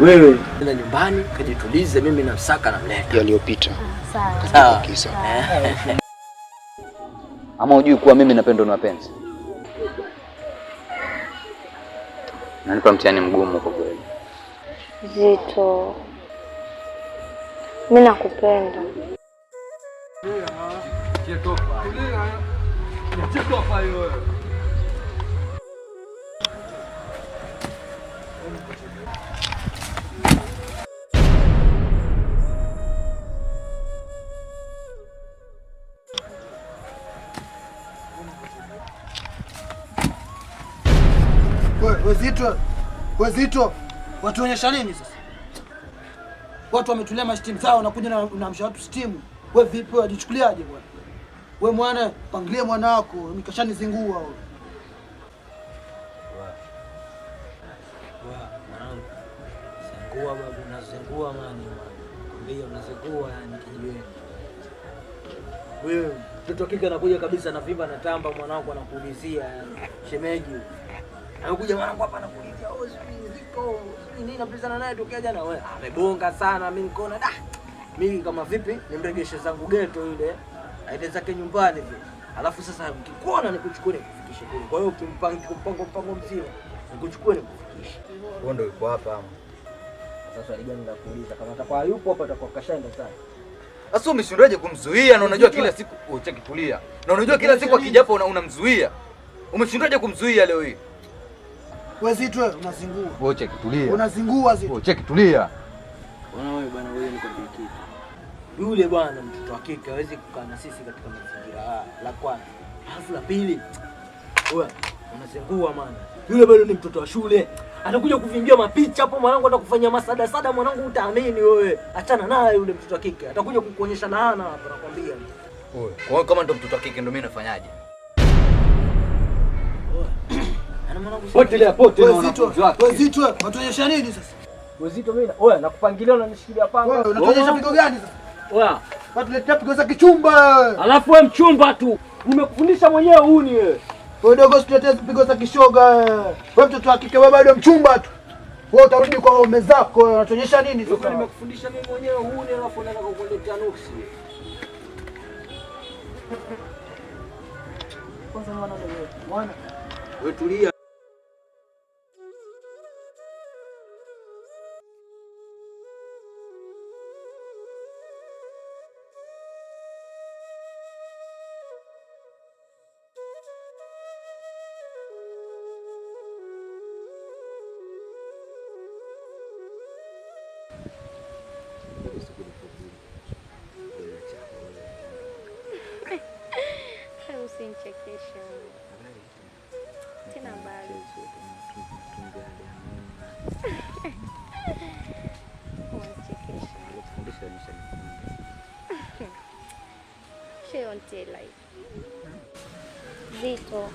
wewe na nyumbani kajitulize, mimi namsaka namleta yaliyopita. Ah, sawa ah. kisa eh. ama ujui kuwa mimi napendwa na wapenzi? Nanipa mtihani mgumu kwa kweli. Zito, mimi nakupenda. Wezito, Wezito, watuonyesha nini sasa? Watu wametulia mastimu zao, wanakuja na namsha watu stimu. We vipi, wajichukuliaje bwana? We mwana, pangilie mwana wako, nikashanizingua wewe. Unazingua babu, unazingua mani, kwambia unazingua, yani kijiweni wewe. Mtoto kike anakuja kabisa, na anavimba na tamba, mwanangu anakuulizia, shemeji anakuja mwanangu hapa anakuulizia, oh, sijui ziko oh, nini, napizana naye tokea jana, wewe amebonga sana. Mimi nikaona da, mimi kama vipi, nimregeshe zangu geto yule aende zake nyumbani vile, alafu sasa mkikuona nikuchukue nikufikishe kule. Kwa hiyo kimpango mpango mpango mzima nikuchukue nikufikishe. Wewe ndio uko hapa ama sasa swali gani la kuuliza? Kama atakuwa yupo hapa atakuwa kashaenda sana. Sasa umeshindaje kumzuia na unajua kila siku oh, cheki Na unajua kila siku akijapo unamzuia. Umeshindaje kumzuia leo hii? Wewe zitu wewe unazingua. Wewe oh, cheki Unazingua zitu. Wewe oh, cheki Bwana wewe bwana wewe ni kwa kitu. Yule bwana mtoto wa kike hawezi kukaa na sisi katika mazingira haya. La kwanza. Alafu la pili. Wewe unazingua maana. Yule bado ni mtoto wa shule atakuja kuvimbia mapicha hapo mwanangu, atakufanyia masada sada mwanangu, utaamini wewe. Achana naye yule mtoto wa kike, atakuja kukuonyesha laana hapo, nakwambia. Oye, kwa hiyo kama ndo mtoto wa kike ndo mimi nafanyaje? Unatuonyesha nini sasa? Wazito mimi. Oya, nakupangilia unanishikilia panga. Wewe unatuonyesha pigo gani sasa? Oya, watu letea pigo za kichumba. Alafu wewe mchumba tu. Nimekufundisha mwenyewe huni wewe. Wewe dogo usituletee pigo za kishoga. Eh. Wewe mtoto wa kike wewe bado mchumba tu. Wewe utarudi kwa ume zako, eh, unatuonyesha nini sasa? Nimekufundisha mimi mwenyewe huni alafu unataka kukuletea nuksi. Kwanza mwana wewe. Mwana. Wewe tulia. Usinichekeshe tena bali Zito,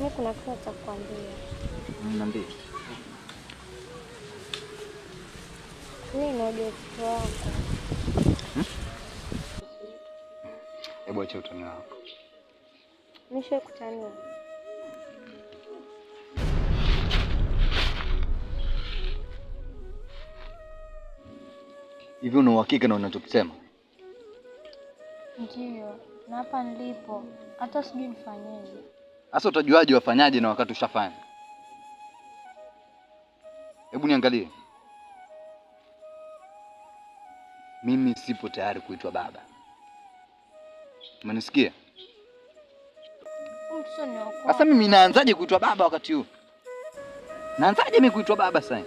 mi kuna kitu nitakwambia. Niambie. Mi najua wako hebu acha utani wako. Nisha kutania. Hivi una uhakika na unachokisema? Ndiyo, na hapa nilipo hata sijui nifanyeje. Sasa utajuaje wafanyaje na wakati ushafanya? Hebu niangalie, mimi sipo tayari kuitwa baba. Umenisikia? Sasa mimi naanzaje kuitwa baba wakati huu? Naanzaje mimi kuitwa baba sasa?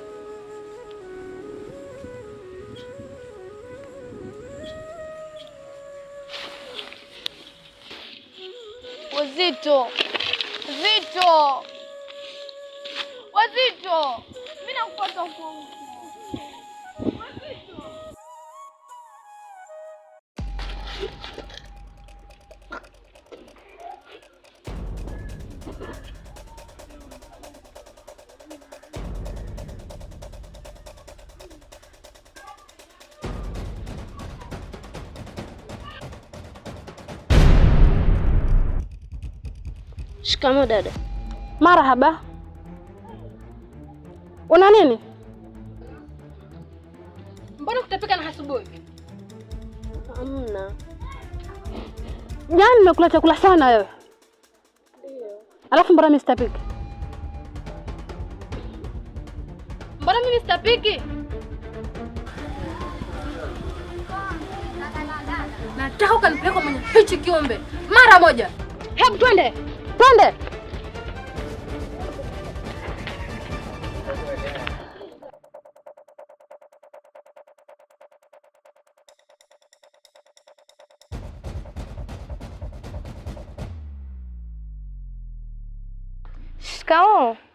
Wazito. Wazito. Wazito. Mimi nakupata huko. Shikamo dada. Marahaba. Una nini? Mbona kutapika na asubuhi? Hamna. Jana yaani nimekula chakula sana wewe. Alafu mbona Mr. sitapiki? Mbona mimi sitapiki? Nataka ukanipeleka kwenye hichi kiombe mara moja. Hebu twende, twende. कहाँ